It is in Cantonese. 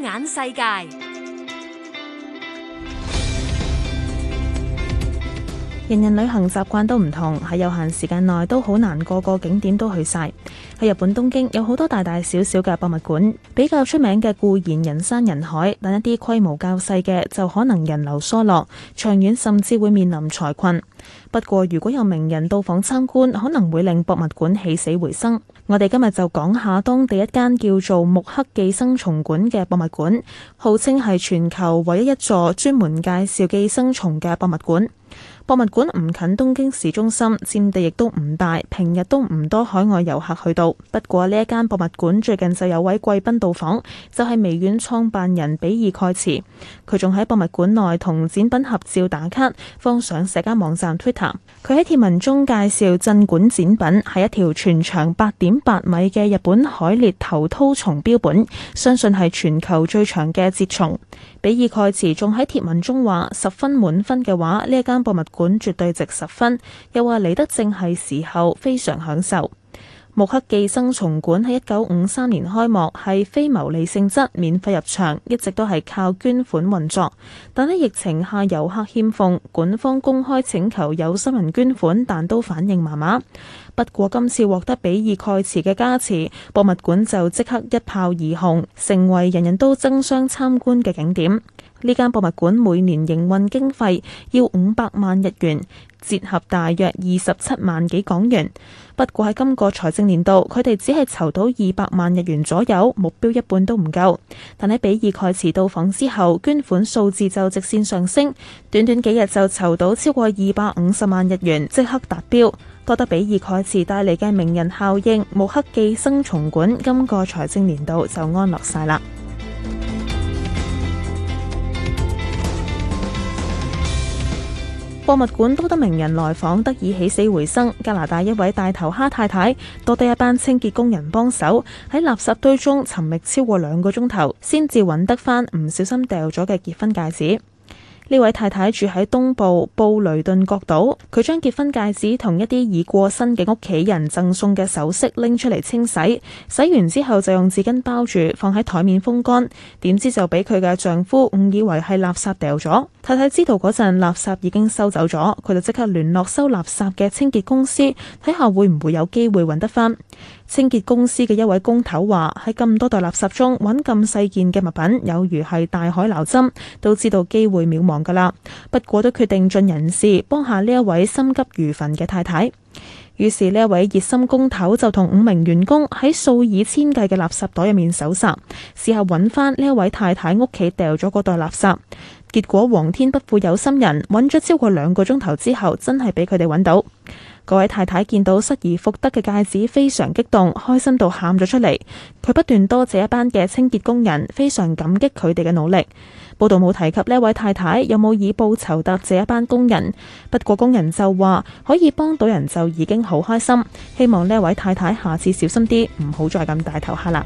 眼世界，人人旅行習慣都唔同，喺有限時間內都好難個個景點都去晒。喺日本東京有好多大大小小嘅博物館，比較出名嘅固然人山人海，但一啲規模較細嘅就可能人流疏落，長遠甚至會面臨財困。不過如果有名人到訪參觀，可能會令博物館起死回生。我哋今日就講下當地一間叫做目黑寄生蟲館嘅博物館，號稱係全球唯一一座專門介紹寄生蟲嘅博物館。博物館唔近東京市中心，佔地亦都唔大，平日都唔多海外遊客去到。不過呢一間博物館最近就有位貴賓到訪，就係、是、微軟創辦人比爾蓋茨。佢仲喺博物館內同展品合照打卡，放上社交網站 Twitter。佢喺貼文中介紹，鎮館展品係一條全長八點八米嘅日本海裂頭絛蟲標本，相信係全球最長嘅節蟲。比爾蓋茨仲喺貼文中話：十分滿分嘅話，呢一間博物館絕對值十分。又話嚟得正係時候，非常享受。目黑寄生蟲館喺一九五三年開幕，係非牟利性質，免費入場，一直都係靠捐款運作。但喺疫情下遊客欠奉，館方公開請求有心人捐款，但都反應麻麻。不過今次獲得比爾蓋茨嘅加持，博物館就即刻一炮而紅，成為人人都爭相參觀嘅景點。呢間博物館每年營運經費要五百萬日元，折合大約二十七萬幾港元。不過喺今個財政年度，佢哋只係籌到二百萬日元左右，目標一半都唔夠。但喺比爾蓋茨到訪之後，捐款數字就直線上升，短短幾日就籌到超過二百五十萬日元，即刻達標，多得比爾蓋茨帶嚟嘅名人效應。目黑寄生蟲館今個財政年度就安樂晒啦。博物館多得名人來訪，得以起死回生。加拿大一位大頭蝦太太，多得一班清潔工人幫手，喺垃圾堆中尋覓超過兩個鐘頭，先至揾得返唔小心掉咗嘅結婚戒指。呢位太太住喺東部布雷頓角島，佢將結婚戒指同一啲已過身嘅屋企人贈送嘅首飾拎出嚟清洗，洗完之後就用紙巾包住，放喺台面風乾，點知就俾佢嘅丈夫誤以為係垃圾掉咗。太太知道嗰陣垃圾已經收走咗，佢就即刻聯絡收垃圾嘅清潔公司睇下會唔會有機會揾得返。清潔公司嘅一位工頭話：喺咁多袋垃圾中揾咁細件嘅物品，有如係大海撈針，都知道機會渺茫噶啦。不過都決定盡人事幫下呢一位心急如焚嘅太太。於是呢一位熱心工頭就同五名員工喺數以千計嘅垃圾袋入面搜尋，試下揾返呢一位太太屋企掉咗嗰袋垃圾。結果皇天不負有心人，揾咗超過兩個鐘頭之後，真係俾佢哋揾到。嗰位太太見到失而復得嘅戒指，非常激動，開心到喊咗出嚟。佢不斷多謝一班嘅清潔工人，非常感激佢哋嘅努力。報道冇提及呢位太太有冇以報酬答謝一班工人。不過工人就話可以幫到人就已經好開心，希望呢位太太下次小心啲，唔好再咁大頭蝦啦。